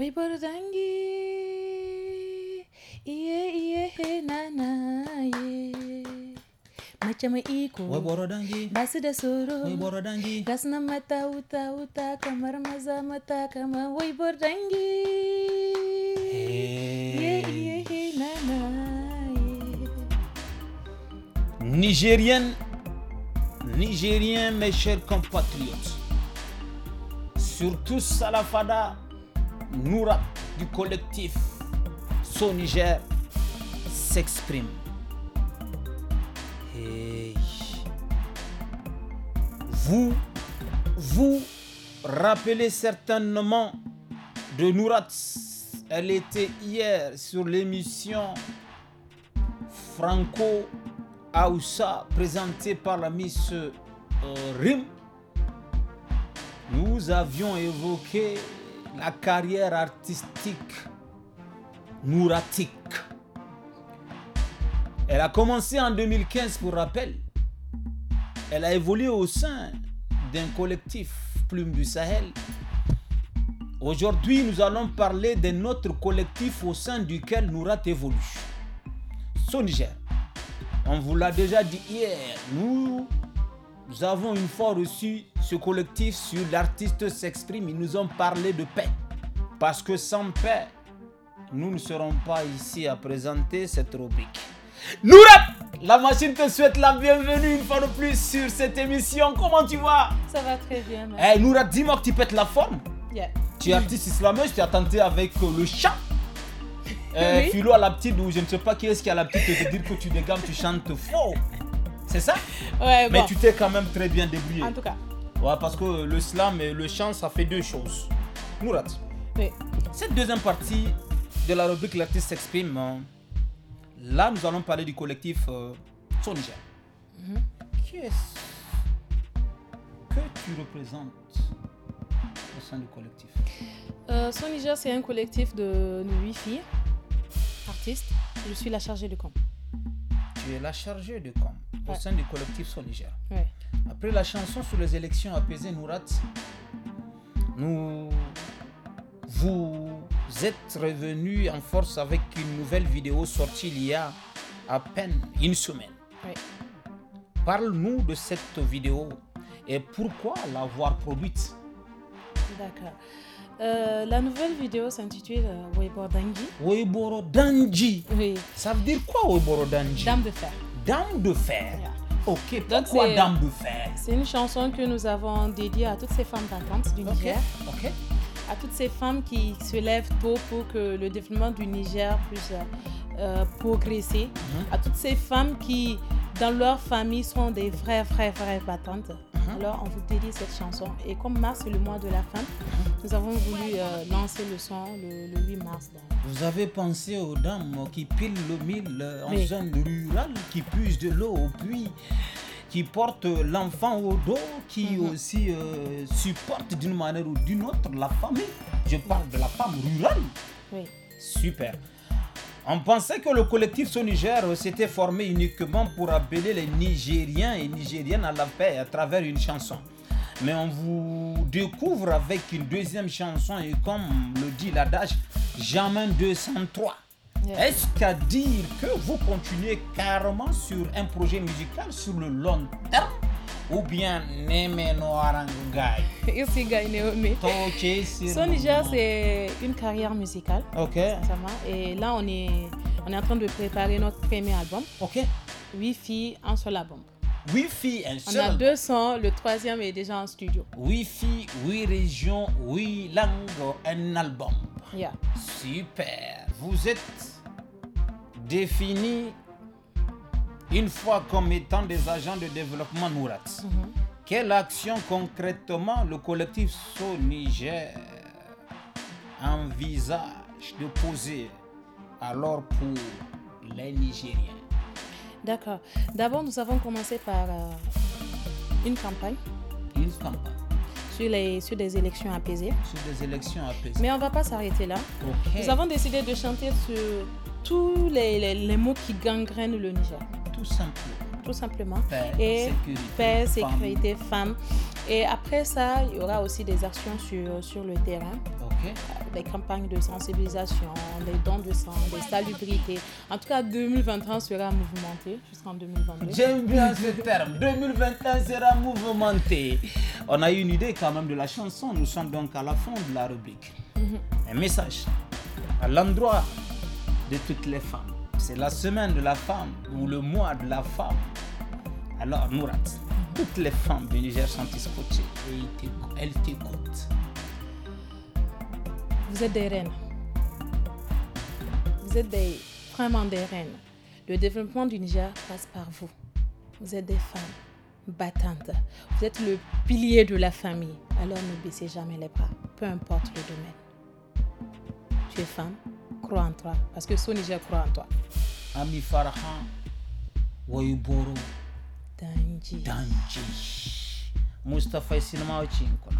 Wiburudangi, iye iye he na yeah. mai iko, wiburudangi, dangi basi da tsoro, wiburudangi, ga na mata uta uta, kamar maza mata kamar wiburudangi. Iye iye he na, Nigérienne, Nigérien, mes chers compatriotes, surtout Salafada, Nourat du collectif Son Niger s'exprime. Vous vous rappelez certainement de Nourat. Elle était hier sur l'émission Franco Aoussa présentée par la Miss euh, Rim. Nous avions évoqué la carrière artistique mouratique. Elle a commencé en 2015 pour rappel. Elle a évolué au sein d'un collectif Plume du Sahel. Aujourd'hui, nous allons parler d'un autre collectif au sein duquel Nourat évolue. Soniger. On vous l'a déjà dit hier, nous, nous avons une fois reçu ce collectif sur l'artiste s'exprime, ils nous ont parlé de paix. Parce que sans paix, nous ne serons pas ici à présenter cette rubrique. Nous la machine te souhaite la bienvenue une fois de plus sur cette émission. Comment tu vas Ça va très bien. Eh, hey, Noura, dis-moi que tu pètes la forme. Yeah. Tu es artiste islamiste, tu as tenté avec euh, le chant. Euh, à la petite, ou je ne sais pas qui est-ce qui a la petite, de dire que tu dégames, tu chantes faux. C'est ça Ouais, Mais tu t'es quand même très bien débrouillé. En tout cas parce que le slam et le chant, ça fait deux choses. Mourad, cette deuxième partie de la rubrique L'artiste s'exprime, hein. là, nous allons parler du collectif euh, Soniger. Mhm. Qui ce que tu représentes au sein du collectif euh, Soniger, c'est un collectif de huit filles, artistes. Je suis la chargée de com. Tu es la chargée de com au sein du collectif Soniger après la chanson sur les élections apaisées, Nourat, nous vous êtes revenu en force avec une nouvelle vidéo sortie il y a à peine une semaine. Parle-nous de cette vidéo et pourquoi l'avoir produite. D'accord. Euh, la nouvelle vidéo s'intitule euh, Dangi. Oui. Ça veut dire quoi Dangi Dame de fer. Dame de fer. C'est une chanson que nous avons dédiée à toutes ces femmes battantes du Niger. À toutes ces femmes qui se lèvent tôt pour que le développement du Niger puisse euh, progresser. Mhm. À toutes ces femmes qui, dans leur famille, sont des vraies, vraies, vraies battantes. Mhm. Alors, on vous dédie cette chanson. Et comme mars, c'est le mois de la femme, mhm. Nous avons voulu euh, lancer le son le, 8 mars. Vous avez pensé aux dames qui pilent le mille en zone rurale, qui puissent de l'eau au puits qui portent l'enfant au dos, qui mhm. aussi euh, supportent supporte d'une manière ou d'une autre la famille. Je parle de la femme rurale. Oui. Super. On pensait que le collectif Soniger s'était formé uniquement pour appeler les Nigériens et Nigériennes à la paix à travers une chanson mais on vous découvre avec une deuxième chanson et comme le dit l'adage, jamais 203. Est-ce qu'à dire que vous continuez carrément sur un projet musical sur le long terme ou bien Neme Noarangai Ici Gaïneome. Sonija, c'est une carrière musicale. Ok. Et là, on est, on est en train de préparer notre premier album. Ok. Huit filles, un seul album wi On a sons, le troisième est déjà en studio. Wi-Fi, huit régions, huit langues, un album. Super. Vous êtes définis une fois comme étant des agents de développement Nourat. Mm-hmm. Quelle action concrètement le collectif So Niger envisage de poser alors pour les Nigériens D'accord. D'abord, nous avons commencé par euh, une campagne. Une campagne. Sur, les, des élections apaisées. Sur des élections apaisées. Mais on ne va pas s'arrêter là. Nous avons décidé de chanter sur tous les, les mots qui gangrènent le Niger. Tout simplement simplement. et paix, sécurité femmes. Et après ça, il y aura aussi des actions sur, sur le terrain. Des campagnes de sensibilisation, des dons de sang, des salubrités. En tout cas, 2021 sera mouvementé jusqu'en 2022. J'aime bien ce terme. 2021 sera mouvementé. On a eu une idée quand même de la chanson. Nous sommes donc à la fin de la rubrique. Mhm. Un message à l'endroit de toutes les femmes. C'est la semaine de la femme ou le mois de la femme. Alors, Mourat, toutes les femmes du Niger sont scotchées et elles t'écoutent. Vous êtes des reines. Vous êtes vraiment des reines. Le développement du Niger passe par vous. Vous êtes des femmes battantes. Vous êtes le pilier de la famille. Alors ne baissez jamais les bras, peu importe le domaine. Tu es femme, crois en toi, parce que son Niger croit en toi. Ami Farahan, Dandy. Dandy. Mustafa é o 5. Né?